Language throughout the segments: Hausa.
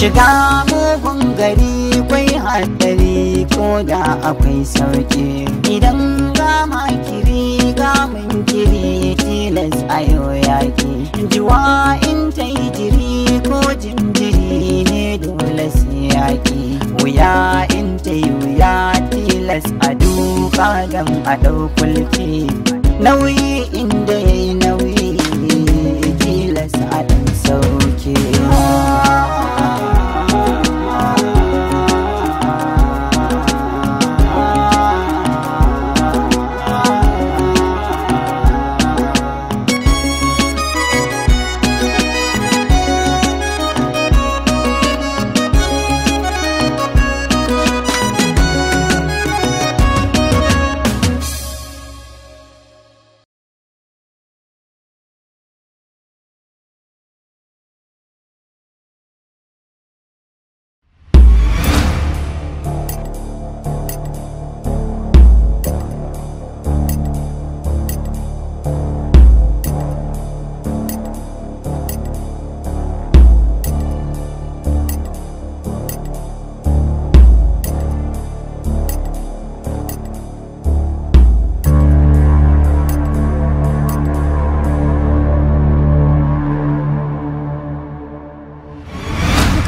Shiga mugun gari kwai hadari, ko da akwai sauki. Idan ga makiri ga kiri tilas ayo yaki. Jiwa in ta yi jiri ko jinjiri ne dole sai yaki. Wuya in ta yi wuya tilas a duka don a ɗaukulki. Nauyi inda ya yi nauyi.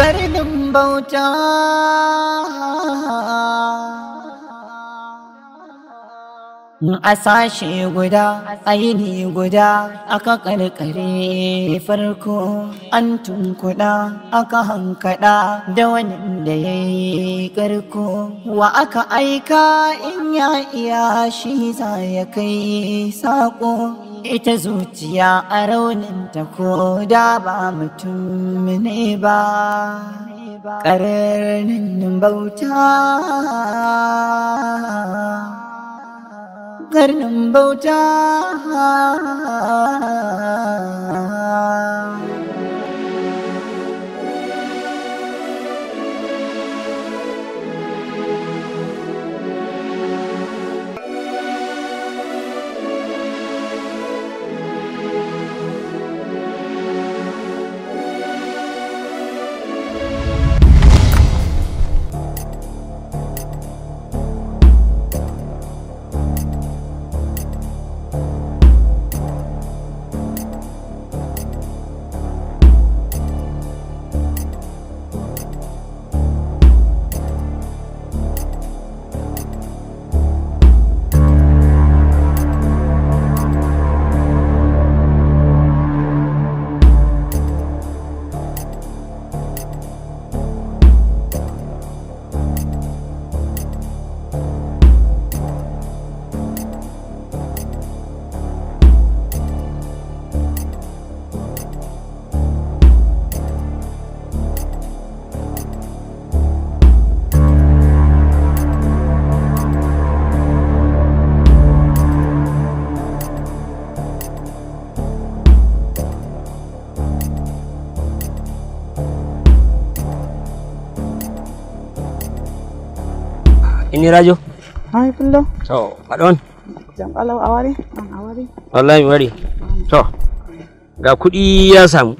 kar bauta a sashe guda aini guda aka ƙarƙare farko an tunkuɗa aka hankaɗa da wani da ya yi ƙarko wa aka aika in ya iya shi za ya kai saƙo ita zuciya a rauninta ko da ba mutum ne ba ƙararren bauta ƙarnin bauta ini mirajo hai kullo to adon jam alau awari an awari wallahi wari to ga kuɗi ya samu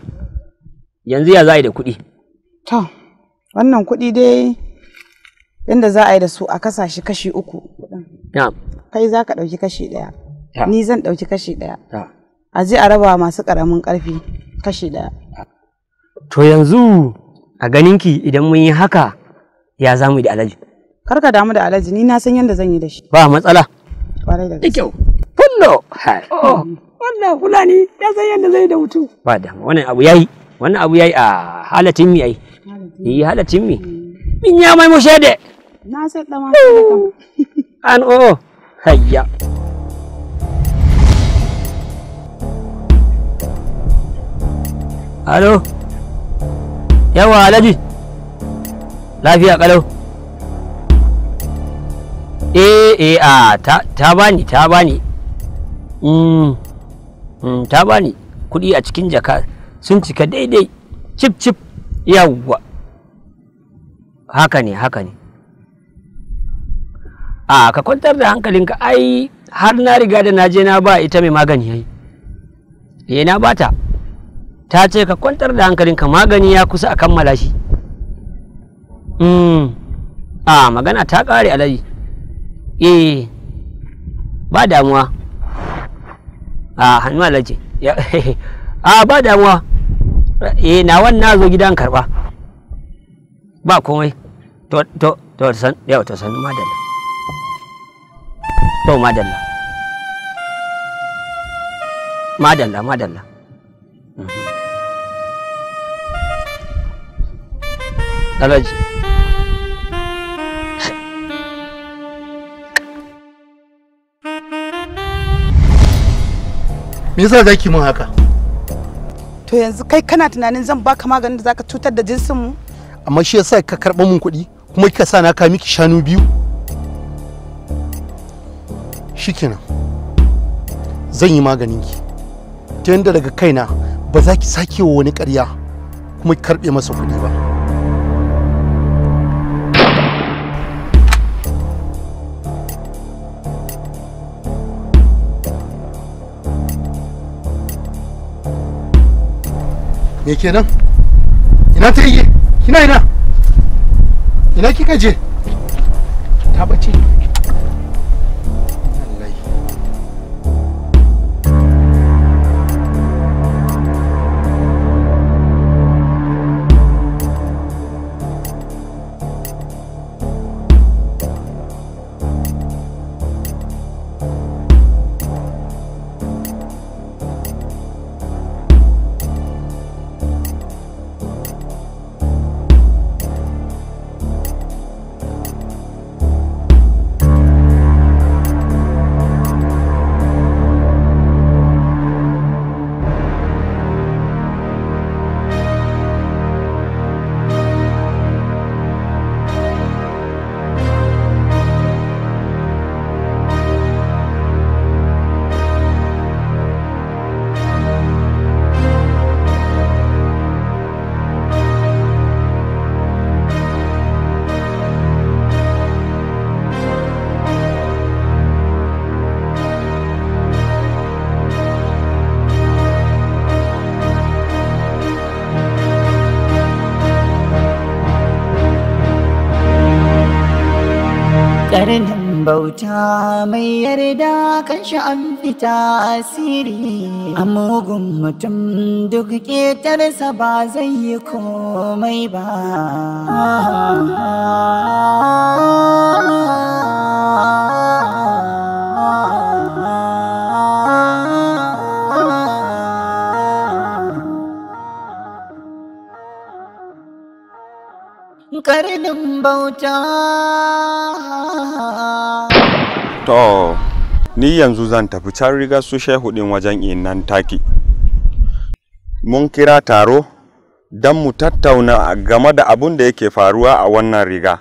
yanzu ya za a yi da kuɗi to wannan kuɗi dai yadda za a yi da su a kasa shi kashi uku ya kai za ka ɗauki kashi ɗaya ni zan ɗauki kashi ɗaya a je a raba masu ƙaramin ƙarfi kashi ɗaya to yanzu a ganinki idan mun yi haka ya zamu mu da alaji Kar ka damu da Alhaji ni na san yadda zan yi da shi. Ba matsala. Kwarai da gaske. ha, Fullo. Oh, oh, wannan Fulani ya san yadda zai da mutum. Ba damu wannan abu yayi. Wannan abu yayi a halatin mi ai. Yi eh, halatin mi. Min ya mai mushe da Na san ma An o. Oh, Hayya. Alo. Yawa Alhaji. Lafiya kalau. eh eh a ta bani ta bani mm, mm, ta bani kuɗi a cikin jaka sun cika daidai cip cip yawwa haka ne haka ne a ka kwantar da hankalinka ai har na riga da na je na ba ita mai magani yayi eh na bata ta ce ka kwantar da hankalinka magani ya kusa a kammala shi mm. a magana ta ƙare alaji eh ba damuwa a hannu alaji a ba damuwa eh na wannan zo gidan karba ba komai to to to san yau to san madalla to madalla madalla madalla mhm. alaji me yasa zaki mun haka to yanzu kai kana tunanin zan baka maganin da zaka cutar da jinsin mu amma shi yasa ka karba mun kuɗi kuma kika sa na ka miki shanu biyu shikenan zan yi maganin ki ta yanda daga kaina ba za ki sake wa wani ƙarya kuma ki karɓe masa kuɗi ba me kenan ina ta yi kina ina ina kika je ta bace fita mai yarda kan shi an fita asiri a mugun mutum duk ƙetarsa ba zai yi komai ba karnin bauta to ni yanzu zan tafi can riga su shehu din wajen innan taki mun kira taro don mu tattauna game da abun da yake faruwa a wannan riga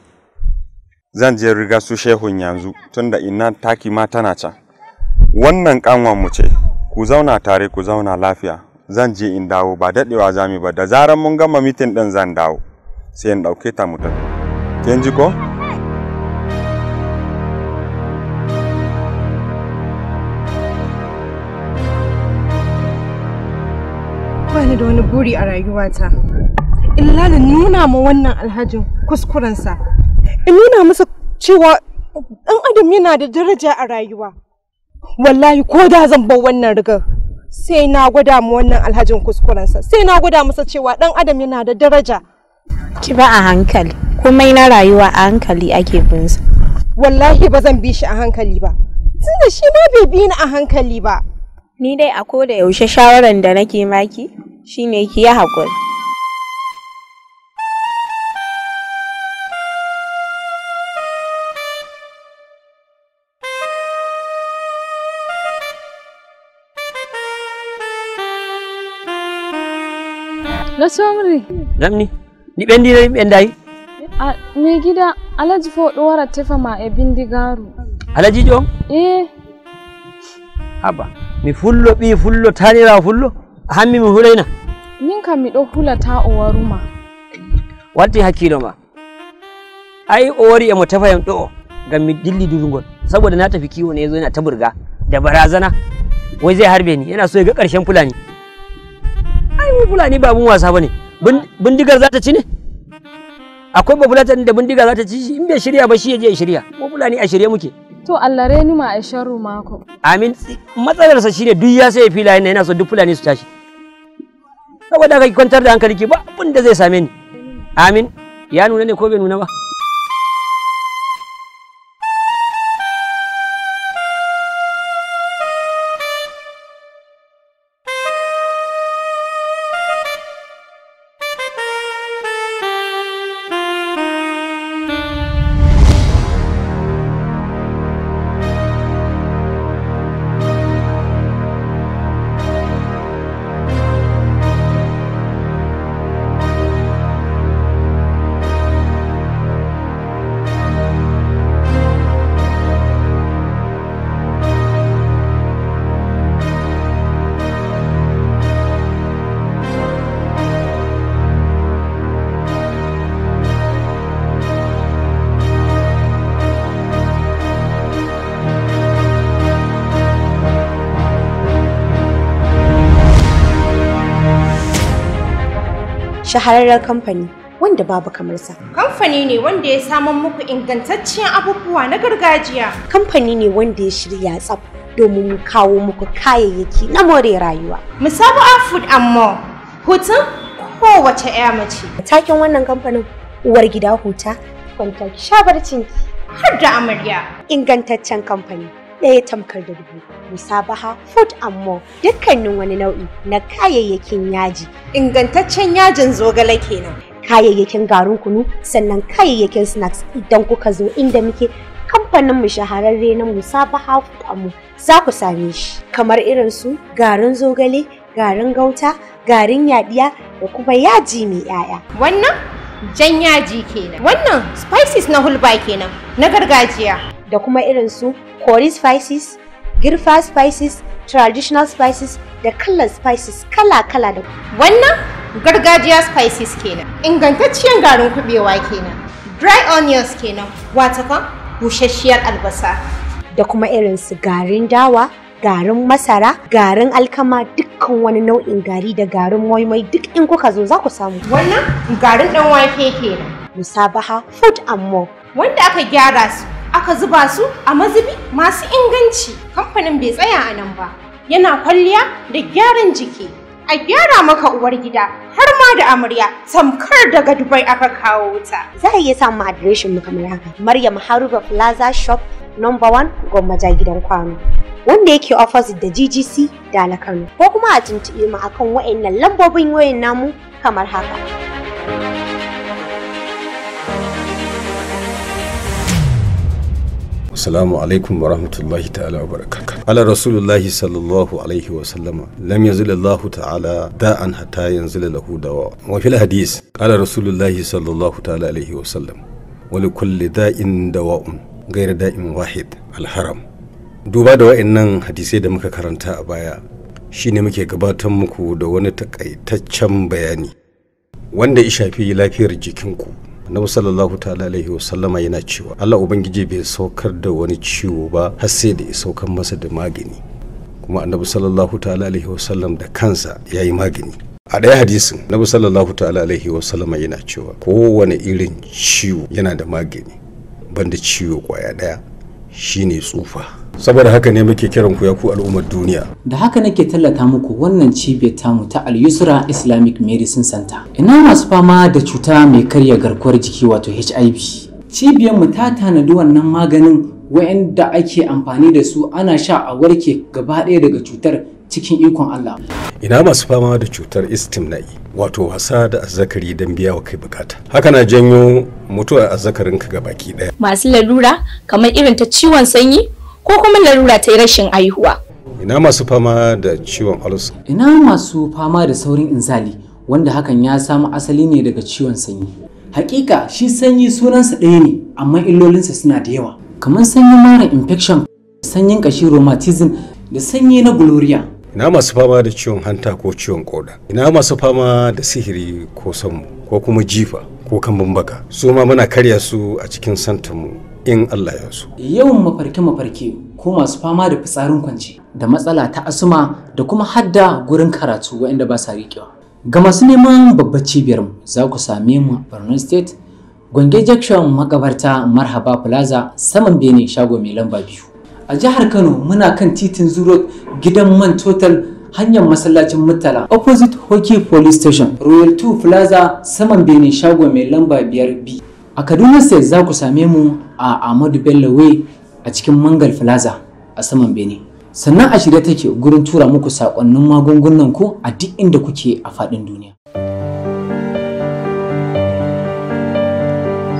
zan je riga su shehun yanzu tunda innan taki ma tana can wannan kanwan mu ce ku zauna tare ku zauna lafiya zan je in dawo ba daɗewa za mu ba da zaran mun gama mitin ɗin zan dawo sai in ɗauke ta mu tafi kin ji ko? bani da wani buri a rayuwata illa na nuna ma wannan alhajin kuskurensa in nuna masa cewa dan adam yana da daraja a rayuwa wallahi ko da zan bar wannan rigar sai na gwada mu wannan alhajin kuskurensa sai na gwada masa cewa dan adam yana da daraja ki ba a hankali komai na rayuwa a hankali ake sa wallahi ba zan bi shi a hankali ba tunda shi ma bai bi ni a hankali ba ni dai a koda yaushe shawaran da nake maki ne ki yi haƙuri somri. Namni, ni ɓendi ni ɓendayi. A me gida Alaji fo do wara tefa ma e bindigaru. Alaji jo? Eh. Haba, mi fullo ɓi fullo tanira fullo. hammi mi hulaina nin kam hula ta o waruma waddi hakkilo ma ai e o wari emo tafayam ɗo ngam mi dilli durgol saboda na tafi kiwo ne yazo yana ta burga da barazana wai zai harbe ni yana so ya ga ƙarshen fulani ai mu fulani ba mun wasa bane bindigar za ta ci ne akwai bafulatan da bindiga za ta ci shi in bai shirya ba shi ya je ya shirya mu fulani a shirye muke to Allah reni ma a sharru mako amin matsalarsa shine duk ya sai filayen yana so duk fulani su tashi saboda ka kwantar da hankali ki ba abin zai same ni amin ya nuna ne ko bai nuna ba shahararren kamfani wanda babu kamarsa. Kamfani ne wanda ya samun muku ingantaccen abubuwa na gargajiya. Kamfani ne wanda ya shirya tsaf domin kawo muku kayayyaki na more rayuwa. Musaba Food and More, hutun kowace 'ya mace. Taken wannan kamfanin uwar gida huta, kwanta shabarcin har da amarya. Ingantaccen kamfani. ɗaya tamkar da dubu musabaha food and more dukkanin wani nau'i na kayayyakin yaji ingantaccen yajin zogale kenan kayayyakin garin kunu sannan kayayyakin snacks idan kuka zo inda muke kamfanin mu shahararre na musabaha food and more za ku same shi kamar irin su garin zogale garin gauta garin yadiya da kuma yaji mai 'ya'ya wannan jan yaji kenan wannan spices na hulba kenan na gargajiya da kuma irin su kori spices, girfa spices, traditional spices da kalan spices kala-kala da wannan gargajiya spices kenan ingantacciyar garin kubewa kenan dry onions kenan watakan bushasshiyar albasa da kuma irin su garin dawa garin masara garin alkama dukkan wani nau'in gari da garin moimoi duk in kuka zo za ku samu wannan garin dan wake kenan musabaha food and more wanda aka gyara su aka zuba su a mazubi masu inganci kamfanin bai tsaya a nan ba yana kwalliya da gyaran jiki a gyara maka uwar gida har ma da amarya tamkar daga dubai aka kawo wuta. za a iya samun adireshin mu kamar haka maryam haruba plaza shop number one Ja, gidan kwano wanda yake opposite da ggc da na kano ko kuma a tuntuɓe mu akan wa'annan lambobin wayan namu kamar haka assalamu alaikum wa rahmatullahi ta'ala wa barakatuh ala rasulullahi sallallahu alaihi wa sallama lam yazil Allah ta'ala da'an hatta yanzil lahu dawa wa fil hadis ala rasulullahi sallallahu ta'ala alaihi wa sallam wa li kulli da'in dawa'un ghayra da'in wahid al haram duba da wa'annan hadisai da muka karanta a baya shine muke gabatar muku da wani takaitaccen bayani wanda ya shafi lafiyar jikinku annabi sallallahu ta'ala alaihi wasallama yana cewa Allah ubangiji bai saukar da wani ciwo ba har sai da ya saukar masa da magani kuma annabi sallallahu ta'ala alaihi wasallam da kansa ya yi magani a ɗaya hadisin annabi sallallahu ta'ala alaihi wasallama yana cewa kowane irin ciwo yana da magani banda ciwo kwaya ɗaya shine tsufa saboda haka ne muke kiran ku ya ku al'ummar duniya da haka nake tallata muku wannan cibiyar tamu ta al-yusra islamic medicine center ina masu fama da cuta mai karya garkuwar jiki wato hiv cibiyar mu ta tanadi wannan maganin wa'anda ake amfani da su ana sha a warke gaba ɗaya daga cutar cikin ikon Allah. Ina masu fama da cutar istimna'i wato wasa da azzakari don biya wa kai bukata. Haka na janyo mutuwar azzakarin ka ga baki ɗaya. Masu lalura kamar irin ta ciwon sanyi ko kuma lalura ta rashin haihuwa. Ina masu fama da ciwon alus. Ina masu fama da saurin inzali wanda hakan ya samu asali ne daga ciwon sanyi. Hakika shi sanyi sunansa ɗaya ne amma illolinsa suna da yawa. Kamar sanyi mara infection, sanyin kashi rheumatism da sanyi na gloria. ina masu fama da ciwon hanta ko ciwon koda ina masu fama da sihiri ko sanmu ko kuma jifa ko kambun baka su ma muna karya su a cikin santanmu, in Allah ya so yawan mafarki-mafarki ko masu fama da fitsarin kwance da matsala ta asuma da kuma hadda gurin karatu waɗanda ba sa riƙewa ga masu neman babbar cibiyar mu za ku same mu a Borno State Gwange Junction makabarta Marhaba Plaza saman Bene shago mai lamba biyu a jihar kano muna kan titin zuro gidan man total hanyar masallacin murtala opposite hockey police station royal 2 plaza saman bene shago mai lamba 5b a kaduna state za ku same mu a ahmadu bello way a cikin mangal plaza a saman bene? sannan a shirye take gurin tura muku sakonnin magungunan ku a duk inda kuke a fadin duniya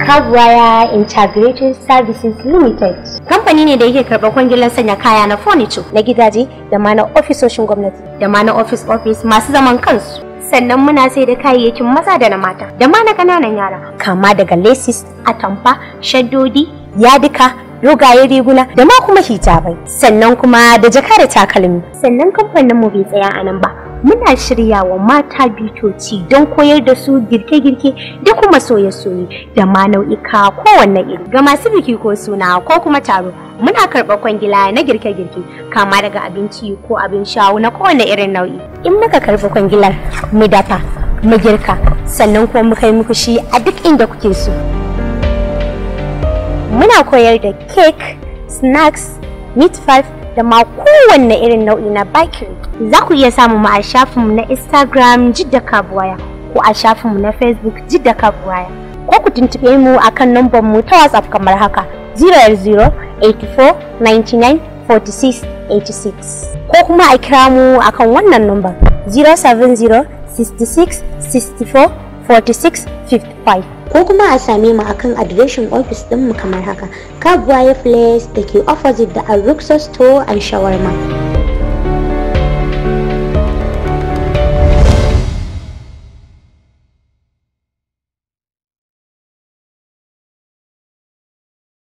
Hardwire Integrated Services Limited kamfani ne da yake karɓar kwangilar sanya kaya na furniture na gidaje da ma na ofisoshin gwamnati da ma na office office masu zaman kansu sannan muna sai da kayayyakin maza da na mata da ma na ƙananan yara kama daga laces atamfa shaddodi yadika rogaye riguna da ma kuma hitabai sannan kuma da jaka da takalmi sannan kamfanin mu bai tsaya a nan ba muna shirya wa mata bitoci don koyar da su girke-girke da kuma soye-soye da ma nau'ika kowanne iri ga masu biki ko suna ko kuma taro muna karɓar kwangila na girke-girke kama daga abinci ko abin shawo na kowane irin nau'i in muka karɓi kwangilar mu dafa mu girka sannan kuma mu yi muku shi a duk inda kuke so muna koyar da cake snacks meat five da ma kowanne irin nau'i na bakin za ku iya samu mu a shafinmu na instagram jidda kabuwaya ko a shafinmu na facebook jidda kabuwaya ko ku tuntube mu a kan mu ta whatsapp kamar haka 08084994686 ko kuma a kira mu a kan wannan nambar 070 66 64 46 ko kuma a same mu akan adireshin ofis ɗinmu kamar haka kabuwa ya place da ke opposite da aruxa store and shawarma.